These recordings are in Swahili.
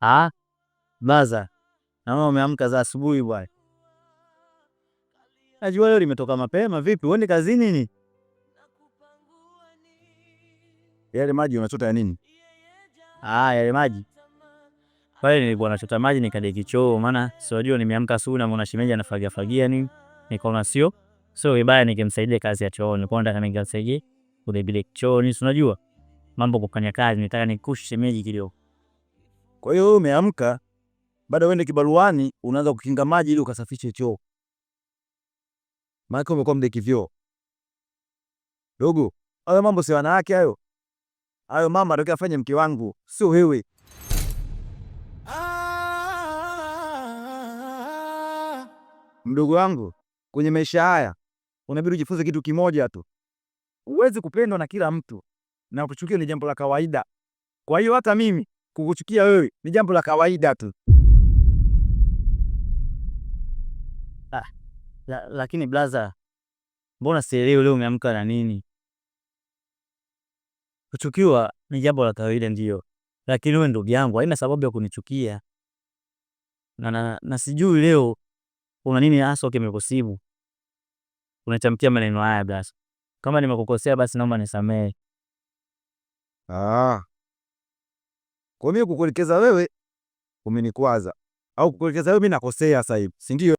Ah, baza naona umeamka za asubuhi bwana. Najua leo limetoka mapema. Vipi, uende kazini ni Yale maji unachota ya nini? Ah, yale maji pale nilikuwa nachota maji nikadeki choo, maana siwajua nimeamka asubuhi na mbona shemeji anafagia fagia nini, nikaona sio sio vibaya nikimsaidia kazi ya choo. kwa ndo nikamsaidia kule bila chooni, unajua mambo kufanya kazi, nitaka nikushe shemeji kidogo kwa hiyo wewe umeamka, baada uende kibaruani, unaanza kukinga maji ili ukasafishe choo, maana umekuwa mdekivyoo dogo. Hayo mambo si wanawake hayo, hayo mama atokea afanye mke wangu, sio wewe. Mdogo wangu, kwenye maisha haya unabidi ujifunze kitu kimoja tu, huwezi kupendwa na kila mtu na kuchukia ni jambo la kawaida. Kwa hiyo hata mimi kukuchukia wewe ni jambo la kawaida tu. Ah, la, lakini blaza, mbona sielewi leo umeamka na nini? Kuchukiwa ni jambo la kawaida ndio, lakini wewe ndugu yangu haina sababu ya kunichukia na, na, na sijui leo una nini hasa kimekusibu unachamkia maneno haya blaza. Kama nimekukosea basi naomba nisamehe. Ah, kwa mimi kukuelekeza wewe umenikwaza au kukuelekeza wewe mimi nakosea sasa hivi, si ndio?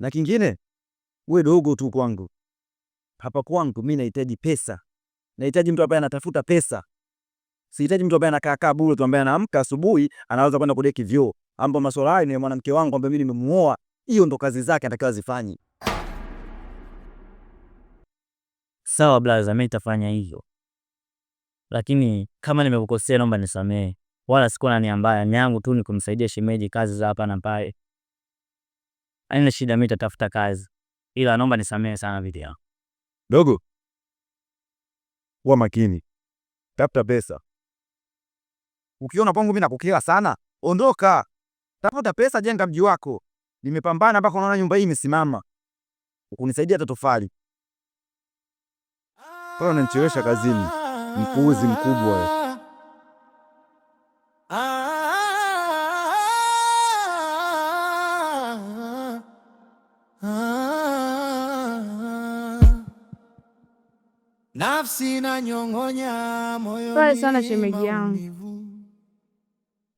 Na kingine wewe dogo tu kwangu. Hapa kwangu mimi nahitaji pesa. Nahitaji mtu ambaye anatafuta pesa. Sihitaji mtu ambaye anakaa kaa bure tu ambaye anaamka asubuhi anaweza kwenda kudeki vyoo. Ambapo masuala hayo ni mwanamke wangu ambaye mimi nimemuoa. Hiyo ndo kazi zake anatakiwa azifanye. Sawa blaza, mimi nitafanya hivyo. Lakini kama nimekukosea naomba nisamehe wala sikuwa na nia mbaya. Nia yangu tu ni kumsaidia shemeji kazi za hapa na pale. Haina shida, mimi nitatafuta kazi, ila naomba nisamehe sana video. Dogo, wa makini, tafuta pesa. Ukiona pangu mimi nakukila sana, ondoka, tafuta pesa, jenga mji wako. Nimepambana mpaka unaona nyumba hii imesimama, ukunisaidia tatofali pale, unanichelewesha kazini, mpuuzi mkubwa wewe. nafsi na nyongonya moyo. Pole sana shemeji yangu,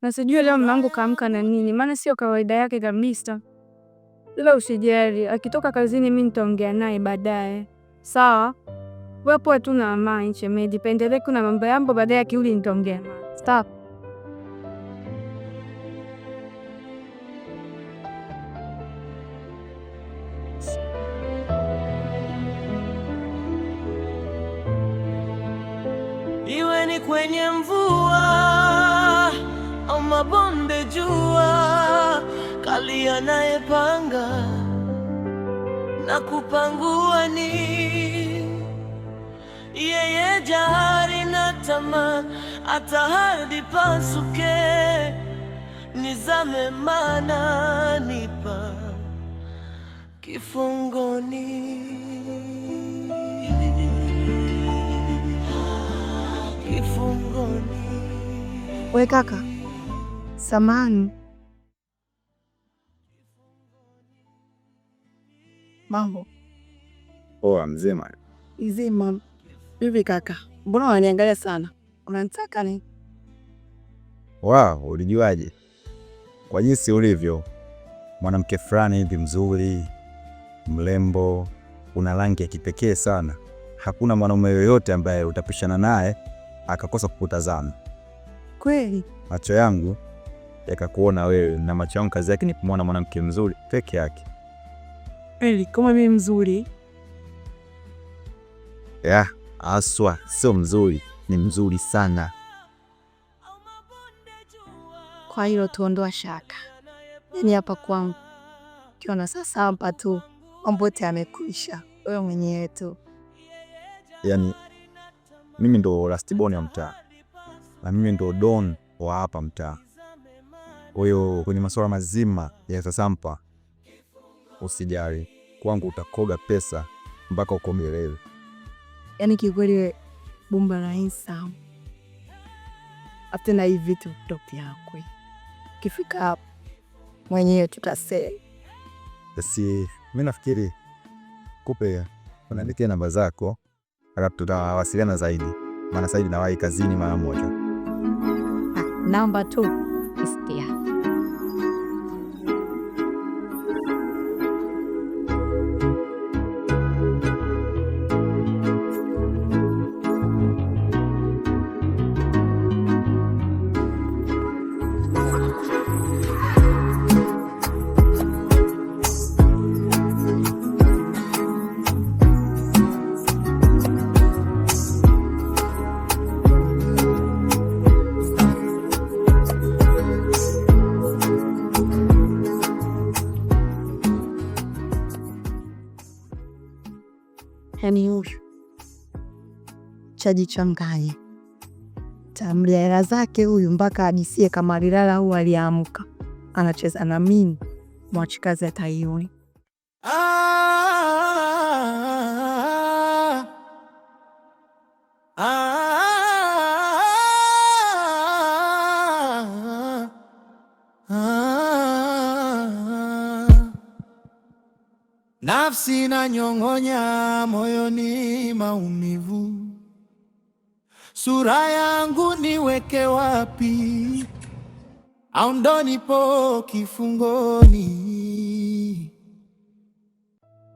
na sijui leo mmangu kaamka na nini, maana sio kawaida yake kabisa. Ila usijali, akitoka kazini mi nitaongea naye baadaye, sawa? Wewe poa tu na amani shemeji, pendeleku na mambo yambo, baadaye akirudi nitaongea. Stop. mabonde jua kali, anayepanga na kupangua ni yeye, jahari na tamaa, hata ardhi pasuke, nizame mana nipa kifungoni, kifungoni. We kaka samani. Mambo poa? Mzima mzima. Vipi kaka, mbona unaniangalia sana? Unanitaka wa Wow, ulijuaje? Kwa jinsi ulivyo mwanamke fulani hivi mzuri, mrembo, una rangi ya kipekee sana. Hakuna mwanaume yoyote ambaye utapishana naye akakosa kukutazama. Kweli macho yangu yakakuona wewe na macho yangu, kazi yake ni kumwona mwanamke mzuri peke yake. Eli, kama mimi mzuri? Yeah, aswa sio mzuri, ni mzuri sana. Kwa hilo tuondoa shaka. Yaani hapa kwangu kiona sasa, hapa tu mambo yote yamekwisha, wewe mwenyewe tu. Yaani mimi ndo rastiboni ya mtaa na mimi ndo don wa hapa mtaa kwa hiyo kwenye masuala mazima ya sasampa, usijali, kwangu utakoga pesa mpaka uko milele. Yaani kikweli Bumba Raisa after na hii vitu top yakwe kifika hapo mwenyewe tutasema. Basi mimi nafikiri kupe unaandikia namba zako, alafu tutawasiliana zaidi, maana sasa hivi nawahi kazini mara moja. Ah, namba tu Istia. Fulani huyu chajichanganya, tamlia hela zake huyu mpaka ajisie kama alilala au aliamka, anacheza na mimi, mwachikazi ataiona. nafsi na nyong'onya, moyoni maumivu, sura yangu niweke wapi? Au ndo nipo kifungoni?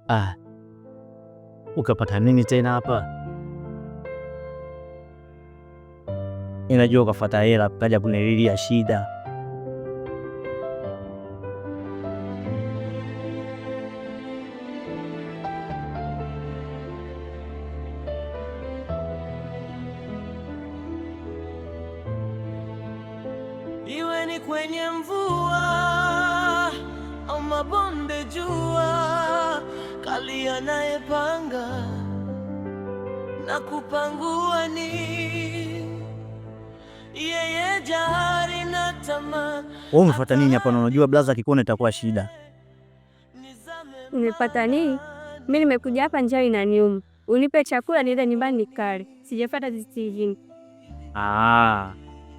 Ah, ukapata nini tena hapa? Ninajua ukafata hela, kaja kunililia shida Wewe umefuata nini hapa? Na unajua blaza akikuona itakuwa shida. Nimepata nini? Mimi nimekuja hapa njaa inaniuma. Unipe chakula niende nyumbani nikale. Sijafuata zisijini. Ah.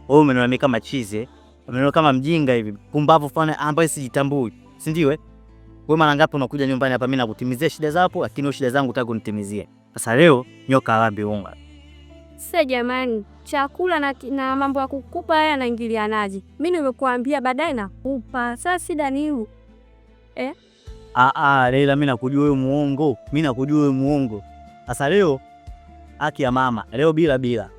Wewe umeniona kama chize, eh? umeniona kama mjinga hivi. Pumbavu fana ambaye sijitambui. Si ndio eh? Wewe mara ngapi unakuja nyumbani hapa mimi nakutimizia shida zako, lakini shida zangu unataka kunitimizie. Sasa leo nyoka alambi unga. Sasa jamani, chakula na, na mambo ya kukupa haya yanaingilianaje? Mimi nimekuambia baadaye nakupa. Sasa shida ni hiyo eh? Ah, ah, Leila, mimi nakujua wewe muongo, mimi nakujua wewe muongo. Sasa leo haki ya mama, leo bila bila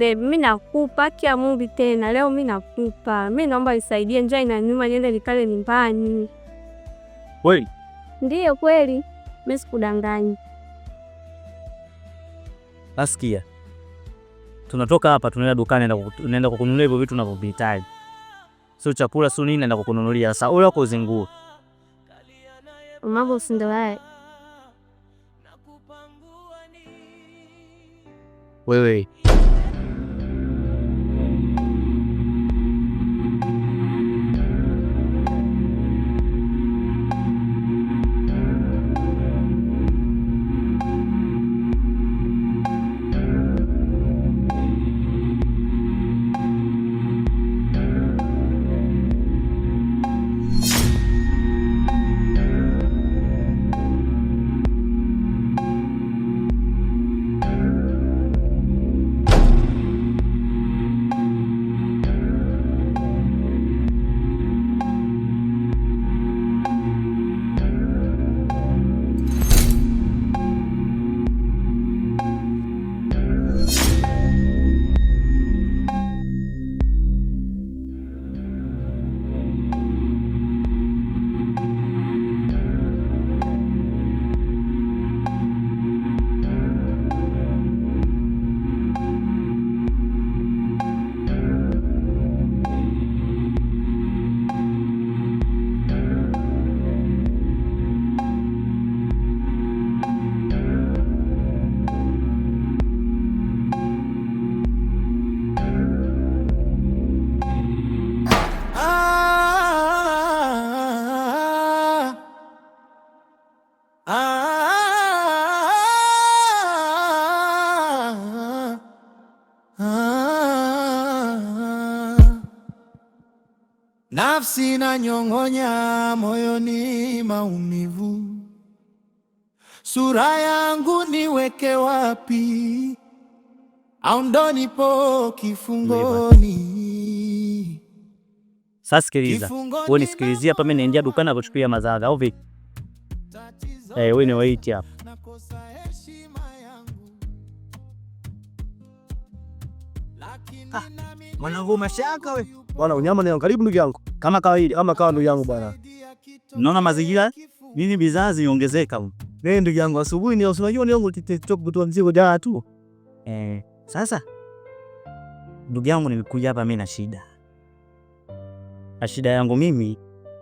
mimi nakupa haki ya Mungu tena leo, mimi nakupa. Mi naomba nisaidie, njaa inaniuma, niende nikale nyumbani. Kweli? Ndiyo kweli, Mimi sikudanganyi. Nasikia tunatoka hapa tunaenda dukani, naenda kukununulia hivyo vitu navyohitaji, sio chakula, sio nini, naenda kukununulia. Sasa wewe uko zingua mambo, si ndio haya? Wewe Nafsi na nyong'onya, moyoni maumivu, sura yangu niweke wapi? Au ndo nipo kifungoni? Sasa sikiliza, wewe nisikilizie hapa, mimi naingia dukani kuchukulia mazao au vipi? Eh, wewe ni waiti hapa ah, mwanangu, umeshaka wewe Bwana unyama ni karibu ndugu yangu. Kama kawaida, kama kawa ndugu yangu bwana. Unaona mazingira? Nini bidhaa ziongezeka. Wewe ndugu yangu asubuhi ni unajua ni yangu TikTok kutoa mzigo jana tu. Eh, sasa ndugu yangu nimekuja hapa mimi na shida. Na shida yangu mimi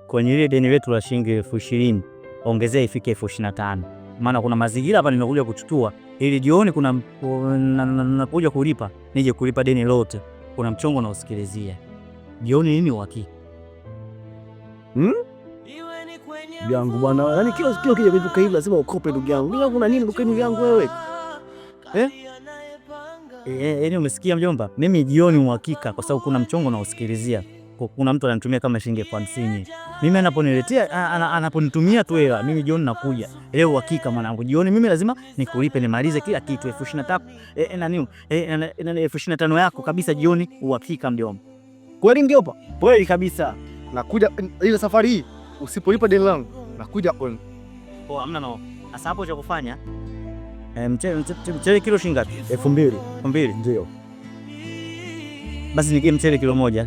kwenye ile deni letu la shilingi elfu ishirini ongezea ifike elfu ishirini na tano maana kuna mazingira hapa nimekuja kututua ili jioni kuna nakuja kulipa nije kulipa deni lote. Kuna mchongo na usikilizia jioni nini uhakika hmm? yangu bwana, yani kila kila kija kitu kahivi lazima ukope ndugu yangu. Mimi kuna nini ndugu yangu wewe? Eh? eh? Eh, yaani umesikia mjomba? Mimi jioni uhakika kwa sababu kuna mchongo na usikilizia. Kuna mtu ananitumia kama shilingi elfu hamsini. Mimi anaponiletea anaponitumia tu hela, mimi jioni nakuja. Leo uhakika mwanangu. Jioni mimi lazima nikulipe nimalize kila kitu elfu ishirini na tatu. Eh, na nini? Eh, eh, eh elfu ishirini na tano yako kabisa jioni uhakika mjomba. Kweli mjomba? Kweli kabisa. Nakuja ile safari hii usipolipa deni langu nakuja on. Oh, amna no. Sasa hapo cha kufanya eh, mchele mchele kilo shilingi ngapi? 2000. 2000 ndio. Basi nikie mchele kilo moja.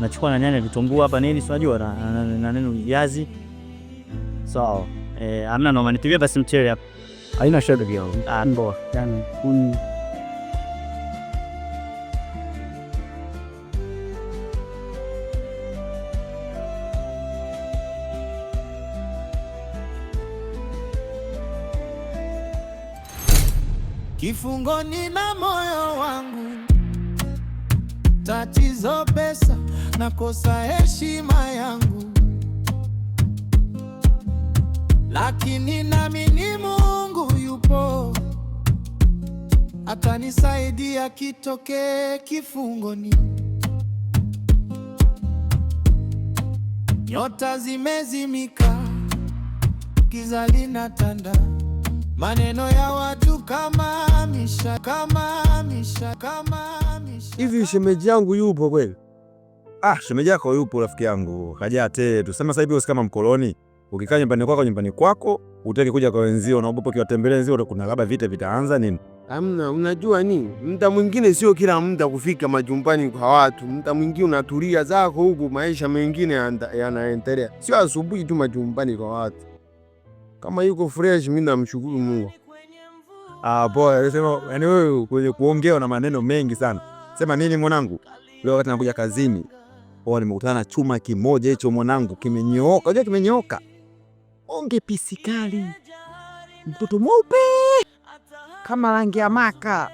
Nachukua na nyanya vitunguu hapa nini si unajua na, na, neno viazi. Sawa. eh, amna no, manitibia basi mchele hapa. Haina shida bwana. Ah, poa. Yaani kuni. kifungoni na moyo wangu, tatizo pesa, nakosa heshima yangu, lakini nami ni Mungu yupo, atanisaidia kitokee kifungoni. Nyota zimezimika, giza linatanda Maneno ya watu kama misha, kama misha, kama misha. Hivi shemeji yangu yupo kweli? Ah, shemeji yako yupo rafiki yangu. Kaja tete. Tuseme sasa hivi usikama mkoloni. Ukikaa nyumbani kwako nyumbani kwako, utaki kuja kwa wenzio na ubopo kiwatembelea wenzio kuna labda vita vitaanza nini? Amna, unajua nini? Mda mwingine sio kila mda kufika majumbani kwa watu. Mda mwingine unatulia zako huku maisha mengine yanaendelea. Sio asubuhi tu majumbani kwa watu kama yuko fresh, mimi namshukuru Mungu. Ah, poa. Anasema yani wewe kwenye kuongea na maneno mengi sana. Sema nini mwanangu? Leo wakati nakuja kazini, poa, nimekutana na chuma kimoja hicho mwanangu, kimenyooka. Unajua kimenyooka. Onge pisikali. Mtoto mweupe kama rangi ya maka.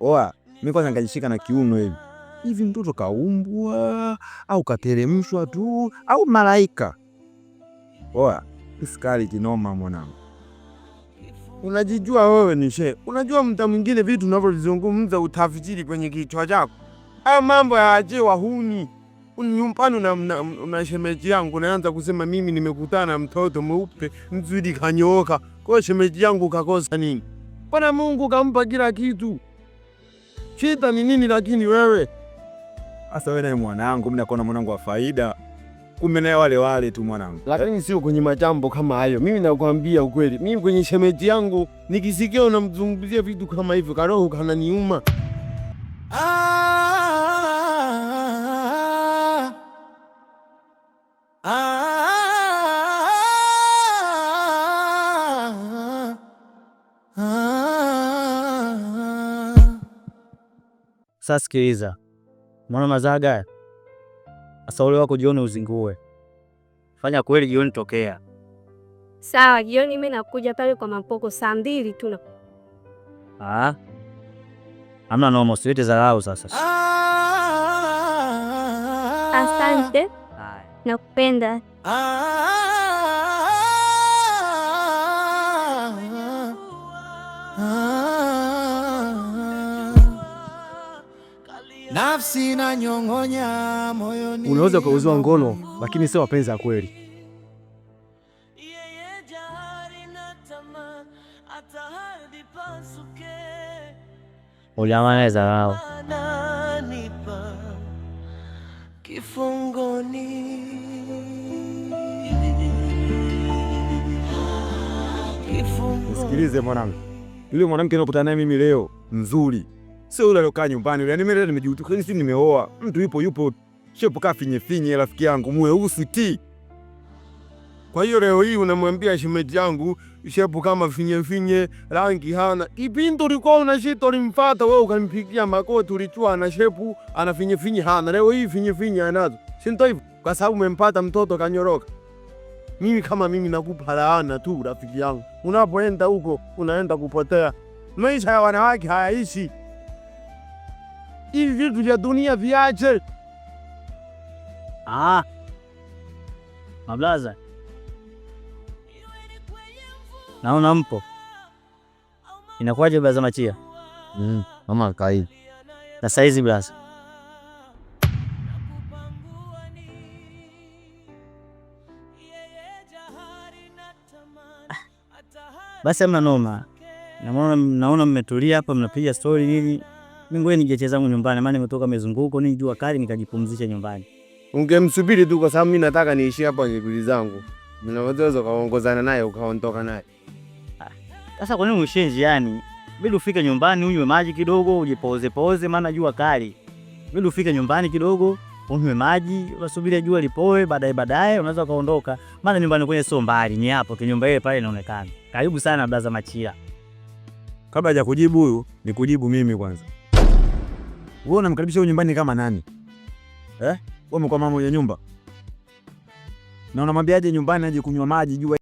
Oa, mimi kwanza nikajishika na kiuno hivi. Hivi mtoto kaumbwa au kateremshwa tu au malaika? Oa. Sukari kinoma mwanangu. Unajijua wewe ni shehe. Unajua mta mwingine vitu unavyozungumza utafikiri kwenye kichwa chako. Haya mambo ya aje wahuni. Unyumpani na, na, na shemeji yangu naanza kusema mimi nimekutana na mtoto mweupe mzuri kanyoka. Kwa shemeji yangu kakosa nini? Bwana Mungu kampa kila kitu. Shida ni nini lakini wewe? Asa wewe na mwanangu, mimi nakuona mwanangu wa faida kumbe naye wale wale tu mwanangu, lakini sio kwenye majambo kama hayo. Mimi nakwambia ukweli, mimi kwenye shemeji yangu nikisikia unamzungumzia vitu kama hivyo, karoho kananiuma. Sasa sikiliza, mwana Mazaga sasa ule wako jioni uzingue. Fanya kweli jioni tokea. Sawa, jioni mimi nakuja pale kwa mapoko saa mbili tu. Ah. Amna noma, usiwete dharau sasa. Asante. Nakupenda. Ah. Nafsi na nyong'onya moyoni. Unaweza ukauziwa ngono lakini sio wapenzi ya kweli. Uliamaneza wao kifungoni, kifungoni. Sikilize mwanangu, yule mwanamke nakutana naye mimi leo nzuri sio yule aliyokaa nyumbani. yule. Yani mimi leo nimejuta si nimeoa mtu yupo yupo sio kaa finye finye, rafiki yangu mweusi ti. Kwa hiyo leo hii unamwambia shemeji yangu shepo kama finye finye, rangi hana. Kipindi ulikuwa una shito ulimfuata wewe ukampigia makoti, ulijua ana shepu ana finye finye hana. Leo hii finye finye anazo, si ndio hivyo? Kwa sababu umempata mtoto kanyoroka. Mimi kama mimi nakupa laana tu rafiki yangu, unapoenda huko unaenda kupotea. Maisha ya wanawake hayaishi hivi vitu vya dunia viache. Ah, mablaza, naona mpo. Inakuwaje blaza Machia? Mm, mama kawaida. Na saizi blaza ah. basi, amna noma. Naona mmetulia hapa mnapiga stori nini mimi ngoja nije zangu nyumbani, maana nimetoka mezunguko ni jua kali, nikajipumzisha nyumbani. Ungemsubiri tu, kwa sababu mimi nataka niishi hapa kwenye guli zangu, ninaweza ukaongozana naye ukaondoka naye. Ah, sasa kwa nini uishie njiani? Bidi ufike nyumbani unywe maji kidogo, ujipoze poze, maana jua kali. Bidi ufike nyumbani kidogo unywe maji, wasubiri jua lipoe, baadaye baadaye unaweza kaondoka, maana nyumbani kwenye sio mbali, ni hapo kinyumba ile pale inaonekana karibu sana. Blaza Machila, kabla ya kujibu huyu, nikujibu mimi kwanza. Wewe unamkaribisha huyu nyumbani kama nani? Eh? Wewe umekuwa mama mwenye nyumba. Na unamwambiaje nyumbani aje kunywa maji jua